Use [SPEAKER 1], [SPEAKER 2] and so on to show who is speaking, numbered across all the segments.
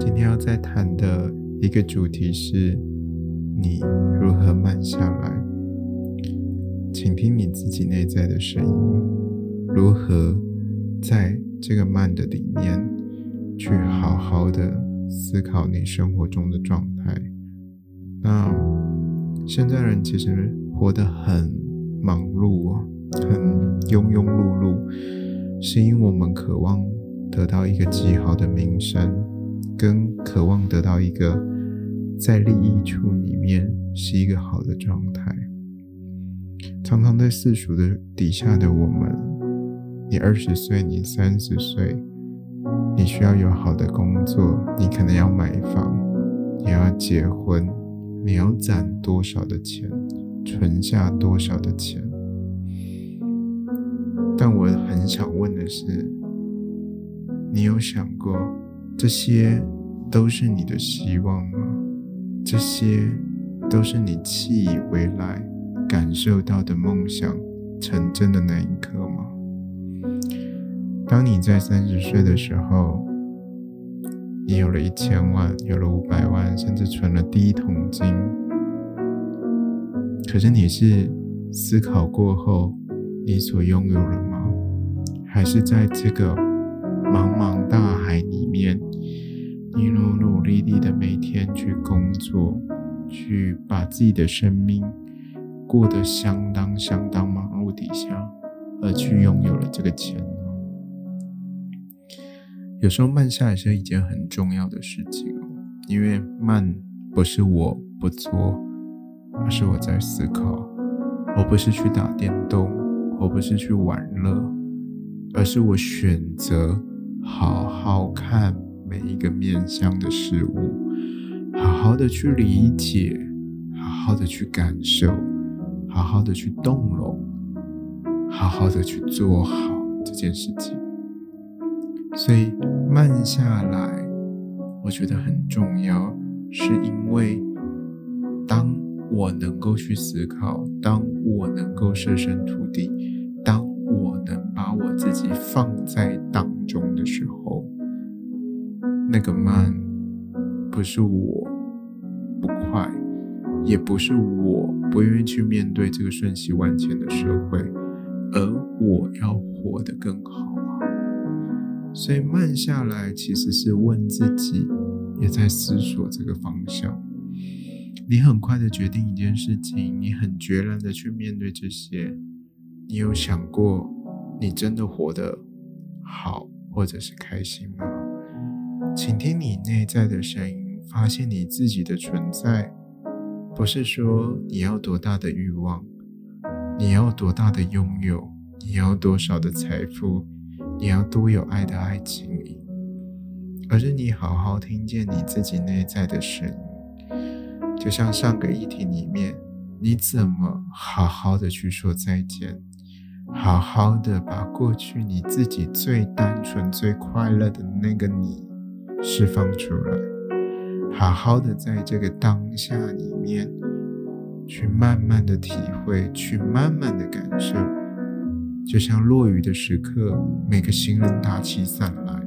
[SPEAKER 1] 今天要再談的一個主題是，你如何慢下來，傾聽你自己內在的聲音，如何在這個慢的裡面，去好好的思考你生活中的狀態。那現在人其實活得很忙碌啊，很庸庸碌碌，是因為我們渴望得到一個極好的名聲。更渴望得到一個在利益處裡面是一個好的狀態，常常在世俗的底下的我們，你二十歲，你三十歲，你需要有好的工作，你可能要買房，你要結婚，你要攢多少的錢，存下多少的錢。但我很想問的是，你有想過？這些都是你的希望嗎？這些都是你期以為來感受到的夢想成真的那一刻嗎？當你在三十歲的時候，你有了一千萬，有了五百萬，甚至存了第一桶金，可是你是思考過後你所擁有了嗎？還是在這個？茫茫大海裡面，你努努力力的每天去工作，去把自己的生命過得相當相當忙碌底下，而去擁有了這個錢。有時候慢下來是一件很重要的事情，因為慢不是我不做，而是我在思考，我不是去打電動，我不是去玩樂，而是我選擇。好好看每一個面向的事物，好好的去理解，好好的去感受，好好的去動容，好好的去做好這件事情。所以慢下來，我覺得很重要，是因為當我能夠去思考，當我能夠設身處地，當我能。把我自己放在當中的時候，那個慢不是我不快，也不是我不願意去面對這個瞬息萬千的社會，而我要活得更好啊。所以慢下來其實是問自己，也在思索這個方向。你很快的決定一件事情，你很決然的去面對這些，你有想過？你真的活得好，或者是開心嗎？請聽你內在的聲音，發現你自己的存在。不是說你要多大的慾望，你要多大的擁有，你要多少的財富，你要多有愛的愛情，而是你好好聽見你自己內在的聲音。就像上個議題裡面，你怎麼好好的去說再見？好好的把過去你自己最單純、最快樂的那個你釋放出來，好好的在這個當下裡面去慢慢的體會，去慢慢的感受。就像落雨的時刻，每個行人打起傘來。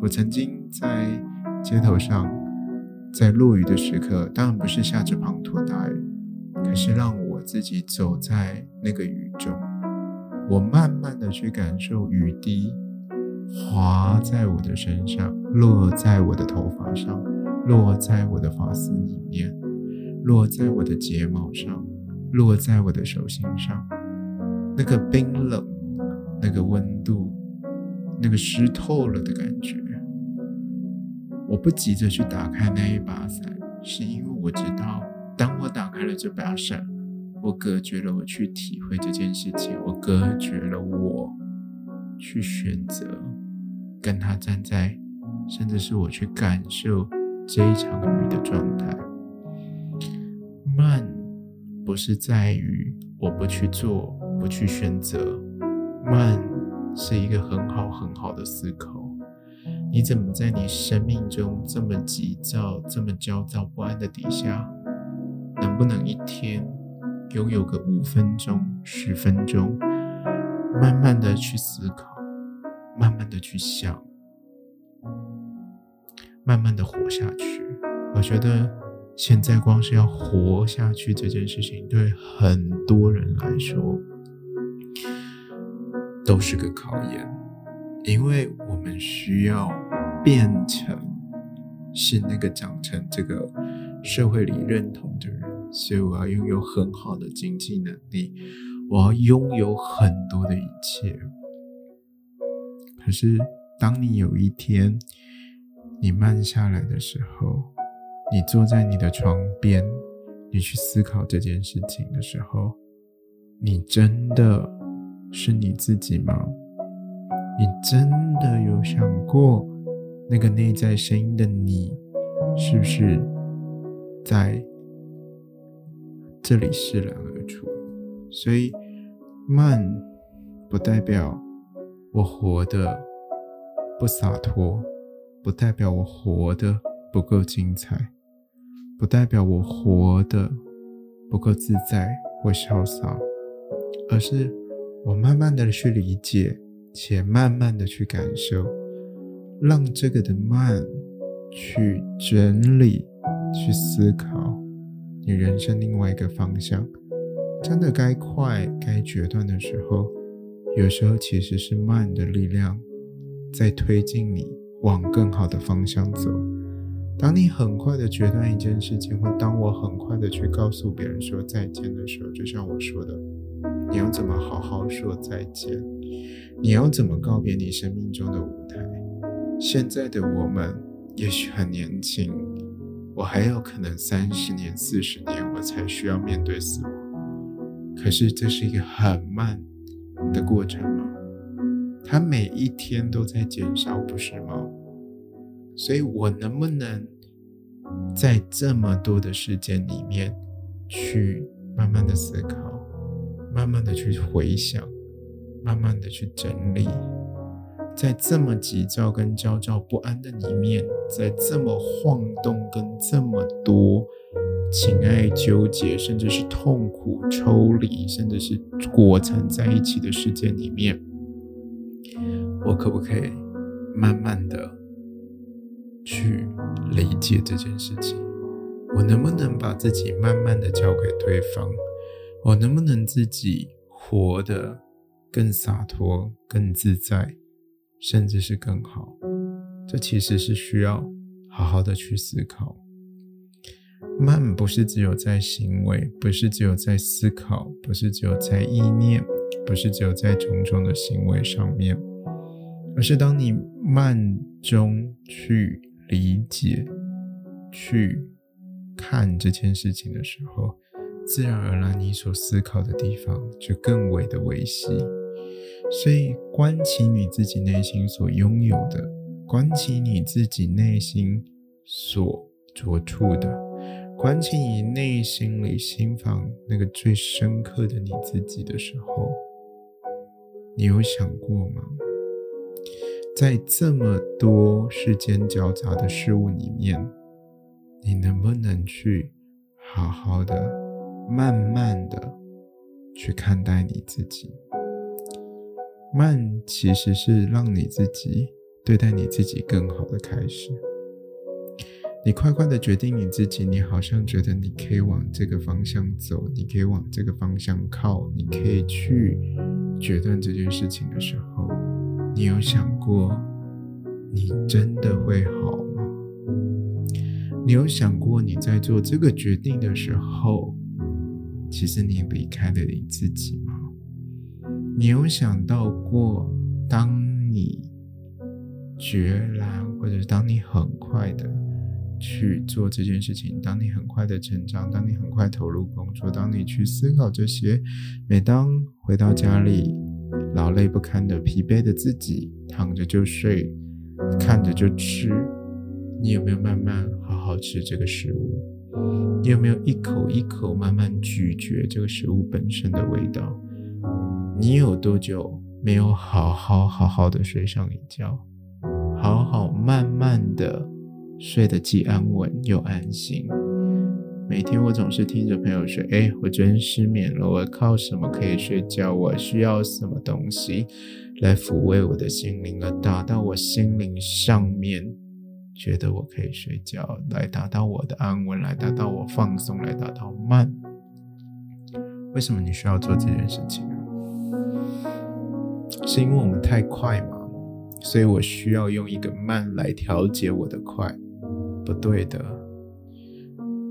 [SPEAKER 1] 我曾經在街頭上，在落雨的時刻，當然不是下着滂沱大雨，可是讓我自己走在那個雨中。我慢慢的去感受雨滴滑在我的身上，落在我的頭髮上，落在我的髮絲裡面，落在我的睫毛上，落在我的手心上。那個冰冷，那個溫度，那個濕透了的感覺。我不急着去打開那一把傘，是因為我知道，當我打開了這把傘，我隔絕了，我去體會這件事情；我隔絕了，我去選擇跟他站在，甚至是我去感受這一場雨的狀態。慢，不是在於我不去做、不去選擇，慢是一個很好很好的思考。你怎麼在你生命中這麼急躁、這麼焦躁不安的底下，能不能一天？擁有個五分鐘、十分鐘，慢慢的去思考，慢慢的去想，慢慢的活下去。我覺得現在光是要活下去這件事情，對很多人來說都是個考驗，因為我們需要變成是那個長成這個社會裡認同的人。所以我要擁有很好的經濟能力，我要擁有很多的一切。可是，當你有一天你慢下來的時候，你坐在你的床邊，你去思考這件事情的時候，你真的是你自己嗎？你真的有想過那個內在聲音的你，是不是在？這裡釋然而出。所以慢不代表我活得不灑脫，不代表我活得不夠精彩，不代表我活得不夠自在或瀟灑，而是我慢慢的去理解且慢慢的去感受，讓這個的慢去整理，去思考。你人生另外一個方向，真的該快該決斷的時候，有時候其實是慢的力量在推進你往更好的方向走。當你很快的決斷一件事情，或當我很快的去告訴別人說再見的時候，就像我說的，你要怎麼好好說再見？你要怎麼告別你生命中的舞台？現在的我們也許很年輕。我還有可能三十年、四十年，我才需要面對死亡。可是這是一個很慢的過程嗎？它每一天都在減少，不是嗎？所以我能不能在這麼多的時間裡面，去慢慢的思考，慢慢的去回想，慢慢的去整理？在這麼急躁跟焦躁不安的裡面，在這麼晃動跟這麼多情愛糾結，甚至是痛苦抽離，甚至是裹纏在一起的世界裡面，我可不可以慢慢的去理解這件事情？我能不能把自己慢慢的交給對方？我能不能自己活得更灑脫、更自在？甚至是更好，這其實是需要好好的去思考。慢不是只有在行為，不是只有在思考，不是只有在意念，不是只有在種種的行為上面，而是當你慢中去理解、去看這件事情的時候，自然而然你所思考的地方就更為的維繫。所以，觀起你自己內心所擁有的，觀起你自己內心所着處的，觀起你內心裡心房那個最深刻的你自己的時候，你有想過嗎？在這麼多世間交雜的事物裡面，你能不能去好好的、慢慢的去看待你自己？慢其實是讓你自己對待你自己更好的開始。你快快的決定你自己，你好像覺得你可以往這個方向走，你可以往這個方向靠，你可以去決斷這件事情的時候，你有想過你真的會好嗎？你有想過你在做這個決定的時候，其實你離開了你自己嗎？你有想到過，當你決然，或者當你很快的去做這件事情，當你很快的成長，當你很快投入工作，當你去思考這些，每當回到家裡，勞累不堪的、疲憊的自己躺着就睡，看着就吃，你有沒有慢慢好好吃這個食物？你有沒有一口一口慢慢咀嚼這個食物本身的味道？你有多久沒有好好好好的睡上一覺，好好慢慢的睡得既安穩又安心？每天我總是聽着朋友說：“哎，我昨天失眠了，我靠什麼可以睡覺？我需要什麼東西來撫慰我的心靈而，來達到我心靈上面覺得我可以睡覺，來達到我的安穩，來達到我放鬆，來達到慢。”為什麼你需要做這件事情？是因為我們太快嗎？所以我需要用一個慢來調節我的快，不對的。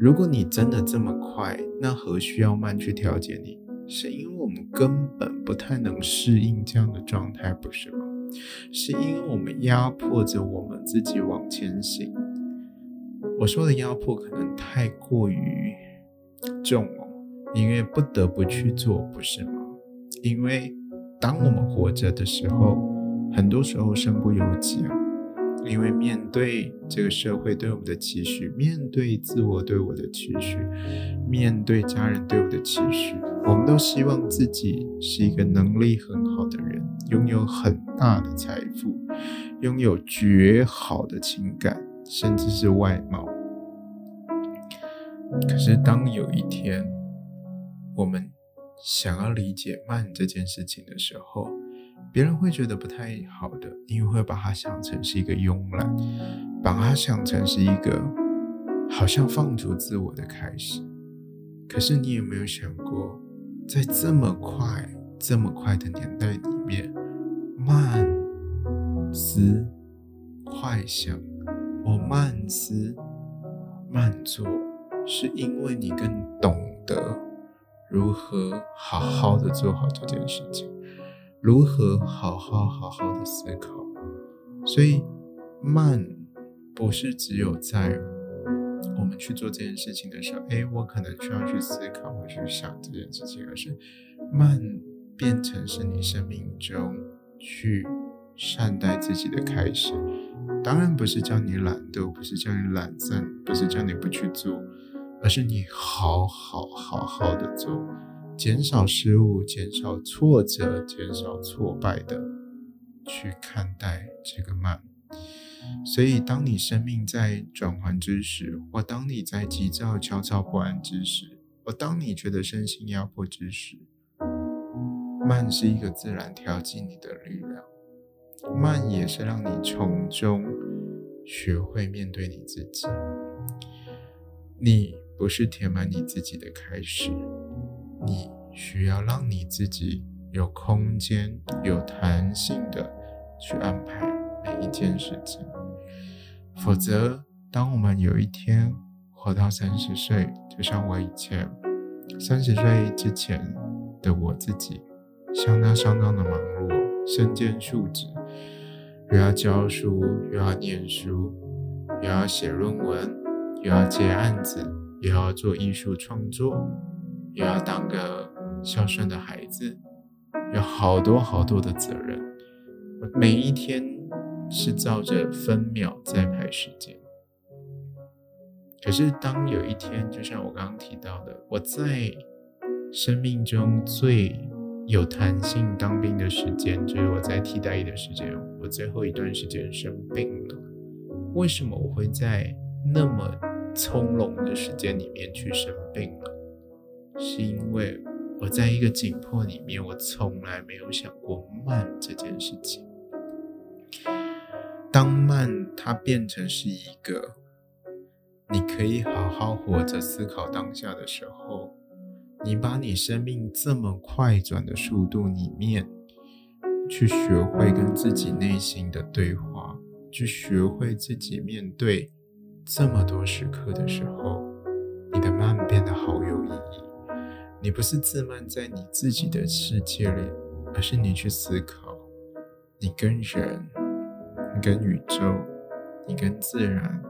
[SPEAKER 1] 如果你真的這麼快，那何需要慢去調節你？是因為我們根本不太能適應這樣的狀態，不是嗎？是因為我們壓迫着我們自己往前行。我說的壓迫可能太過於重了哦，因為不得不去做，不是嗎？因為。當我們活着的時候，很多時候身不由己啊，因為面對這個社會對我們的期許，面對自我對我的期許，面對家人對我的期許，我們都希望自己是一個能力很好的人，擁有很大的財富，擁有絕好的情感，甚至是外貌。可是，當有一天我們，想要理解慢這件事情的時候，別人會覺得不太好的，因為會把它想成是一個慵懶，把它想成是一個好像放逐自我的開始。可是你有沒有想過，在這麼快、這麼快的年代裡面，慢思、快想，我慢思、慢做，是因為你更懂得。如何好好的做好這件事情？如何好好好好的思考？所以慢不是只有在我們去做這件事情的時候，哎、欸，我可能需要去思考，我去想這件事情，而是慢變成是你生命中去善待自己的開始。當然不是叫你懶惰，不是叫你懶散，不是叫你不去做。而是你好好好好的做，減少失誤，減少挫折，減少挫敗的去看待這個慢。所以，當你生命在轉換之時，或當你在急躁、焦躁、不安之時，或當你覺得身心壓迫之時，慢是一個自然調劑你的力量。慢也是讓你從中學會面對你自己。你。不是填滿你自己的開始，你需要讓你自己有空間、有彈性的去安排每一件事情。否則，當我們有一天活到三十歲，就像我以前三十歲之前的我自己，相當相當的忙碌，身兼數職，又要教書，又要念書，又要寫論文，又要接案子。也要做藝術創作，也要當個孝順的孩子，有好多好多的責任。我每一天是照着分秒在排時間。可是當有一天，就像我剛剛提到的，我在生命中最有彈性當兵的時間，就是我在替代役的時間。我最後一段時間生病了，為什麼我會在那麼從容的時間裡面去生病了，是因為我在一個緊迫裡面，我從來沒有想過慢這件事情。當慢它變成是一個，你可以好好活着、思考當下的時候，你把你生命這麼快轉的速度裡面，去學會跟自己內心的對話，去學會自己面對。這麼多時刻的時候，你的慢變得好有意義。你不是自慢在你自己的世界裡，而是你去思考，你跟人，你跟宇宙，你跟自然，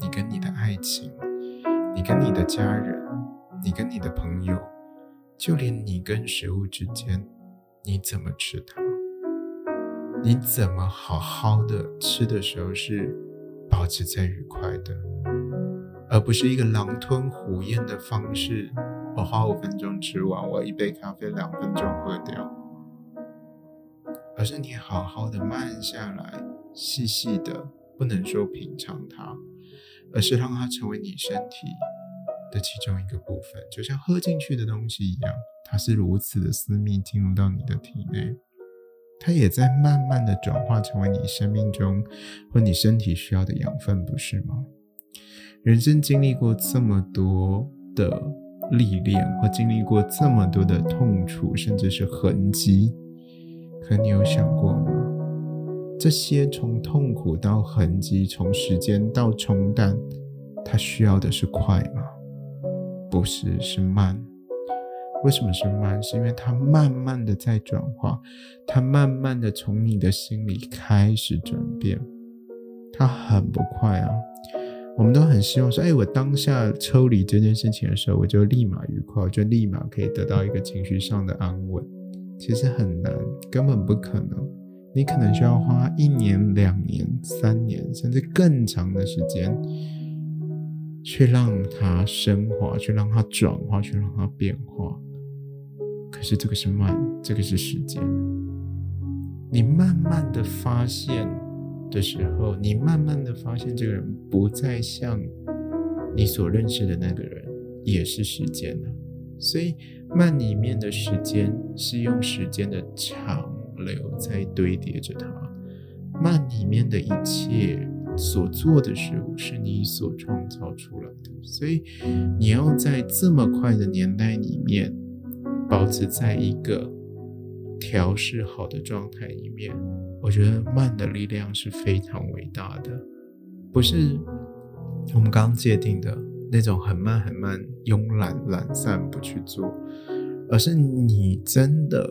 [SPEAKER 1] 你跟你的愛情，你跟你的家人，你跟你的朋友，就連你跟食物之間，你怎麼吃它？你怎麼好好的吃的時候是？保持在愉快的，而不是一個狼吞虎咽的方式。我花五分鐘吃完，我一杯咖啡兩分鐘喝掉。而是你好好的慢下來，細細的，不能說品嘗它，而是讓它成為你身體的其中一個部分，就像喝進去的東西一樣，它是如此的私密進入到你的體內。它也在慢慢的轉化成為你生命中或你身體需要的養分，不是嗎？人生經歷過這麼多的歷練，或經歷過這麼多的痛楚，甚至是痕跡，可你有想過嗎？這些從痛苦到痕跡，從時間到沖淡，它需要的是快嗎？不是，是慢。為什麼是慢？是因為它慢慢的在轉化，它慢慢的從你的心裡開始轉變，它很不快啊。我們都很希望說，哎，我當下抽離這件事情的時候，我就立馬愉快，我就立馬可以得到一個情緒上的安穩。其實很難，根本不可能。你可能需要花一年、兩年、三年，甚至更長的時間，去讓它升華，去讓它轉化，去讓它變化。是這個是慢，這個是時間。你慢慢的發現的時候，你慢慢的發現這個人不再像你所認識的那個人，也是時間了。所以慢裡面的時間是用時間的長流在堆疊着他，
[SPEAKER 2] 慢
[SPEAKER 1] 裡面的一切所做的事物是你所創造出來的。所以你要在這麼快的年代裡面。保持在一個調適好的狀態裡面，我覺得慢的力量是非常偉大的。嗯。不是我們剛剛界定的那種很慢很慢，慵懶懶散不去做，而是你真的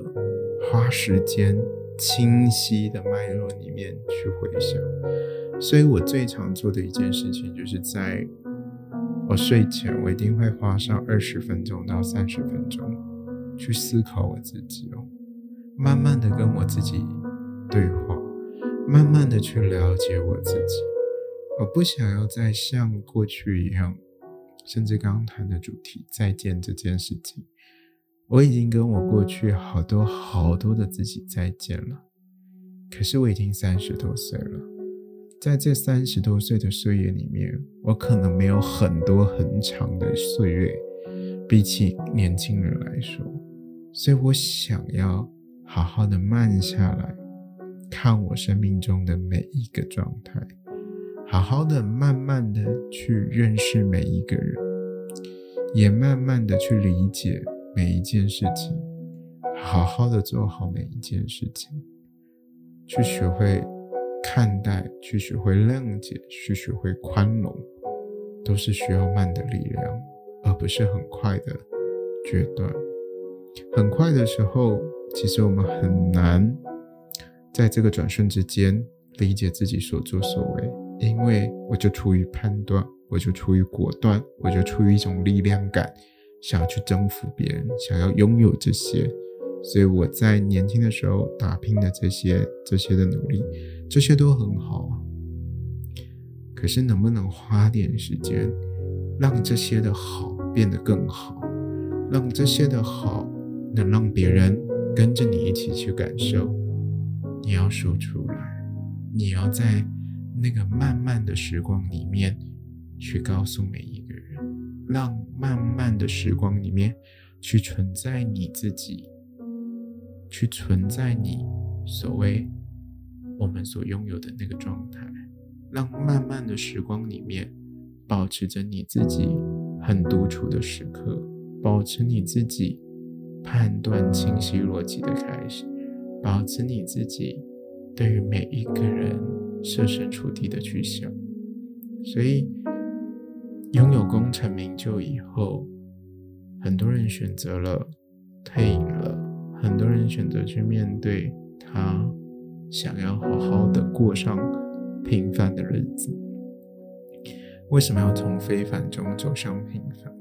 [SPEAKER 1] 花時間清晰的脈絡裡面去回想。所以我最常做的一件事情，就是在我睡前，我一定會花上二十分鐘到三十分鐘。去思考我自己哦，慢慢的跟我自己對話，慢慢的去了解我自己。我不想要再像過去一樣，甚至剛談的主題再見這件事情，我已經跟我過去好多好多的自己再見了。可是我已經三十多歲了，在這三十多歲的歲月裡面，我可能沒有很多很長的歲月，比起年輕人來說。所以我想要好好的慢下來，看我生命中的每一個狀態，好好的慢慢的去認識每一個人，也慢慢的去理解每一件事情，好好的做好每一件事情，去學會看待，去學會諒解，去學會寬容，都是需要慢的力量，而不是很快的決斷。很快的時候，其實我們很難在這個轉瞬之間理解自己所作所為，因為我就出於判斷，我就出於果斷，我就出於一種力量感，想要去征服別人，想要擁有這些，所以我在年輕的時候打拼的這些、這些的努力，這些都很好啊。可是能不能花點時間，讓這些的好變得更好，讓這些的好，能讓別人跟着你一起去感受，你要說出來，你要在那個慢慢的時光裡面去告訴每一個人，讓慢慢的時光裡面去存在你自己，去存在你所謂我們所擁有的那個狀態，讓慢慢的時光裡面保持着你自己很獨處的時刻，保持你自己。判斷清晰、邏輯的開始，保持你自己對於每一個人設身處地的去想。所以，擁有功成名就以後，很多人選擇了退隱了，很多人選擇去面對他，想要好好的過上平凡的日子。為什麼要從非凡中走向平凡？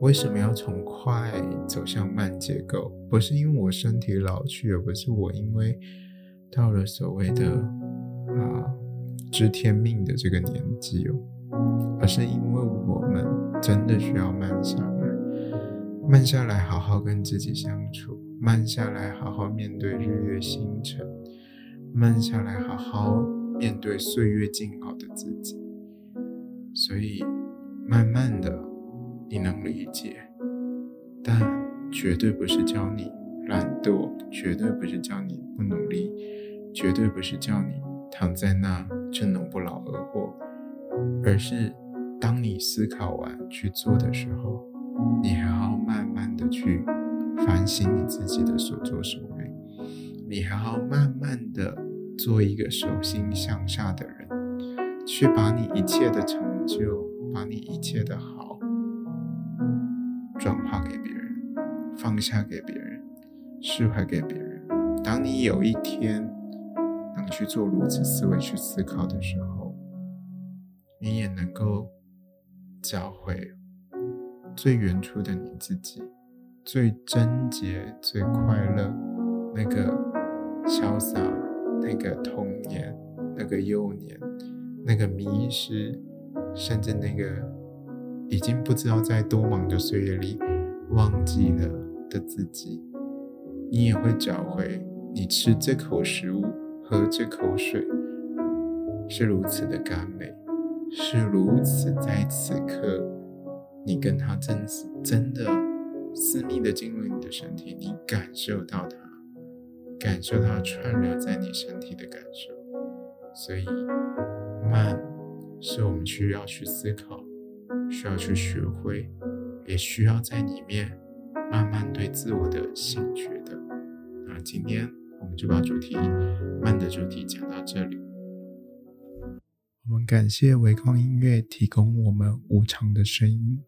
[SPEAKER 1] 為什麼要從快走向慢結構？不是因為我身體老去，也不是我因為到了所謂的啊知天命的這個年紀哦，而是因為我們真的需要慢下來，慢下來好好跟自己相處，慢下來好好面對日月星辰，慢下來好好面對歲月靜好的自己。所以，慢慢的。你能理解，但絕對不是教你懶惰，絕對不是叫你不努力，絕對不是叫你躺在那就能不勞而獲，而是當你思考完去做的時候，你還要慢慢的去反省你自己的所作所為，你還要慢慢的做一個手心向下的人，去把你一切的成就，把你一切的好。轉化給別人，放下給別人，釋懷給別人。當你有一天能去做如此思維去思考的時候，你也能夠找回最原初的你自己，最貞潔、最快樂，那個瀟灑，那個童年，那個幼年，那個迷失，甚至那個。已經不知道在多忙的歲月裡忘記了的自己，你也會找回。你吃這口食物，喝這口水，是如此的甘美，是如此在此刻，你跟他真實、真的、私密的進入你的身體，你感受到它，感受到它串聯在你身體的感受。所以，慢是我們需要去思考。需要去學會，也需要在裡面慢慢對自我的醒覺的。啊，今天我們就把主題慢的主題講到這裡。我們感謝唯光音樂提供我們無常的聲音。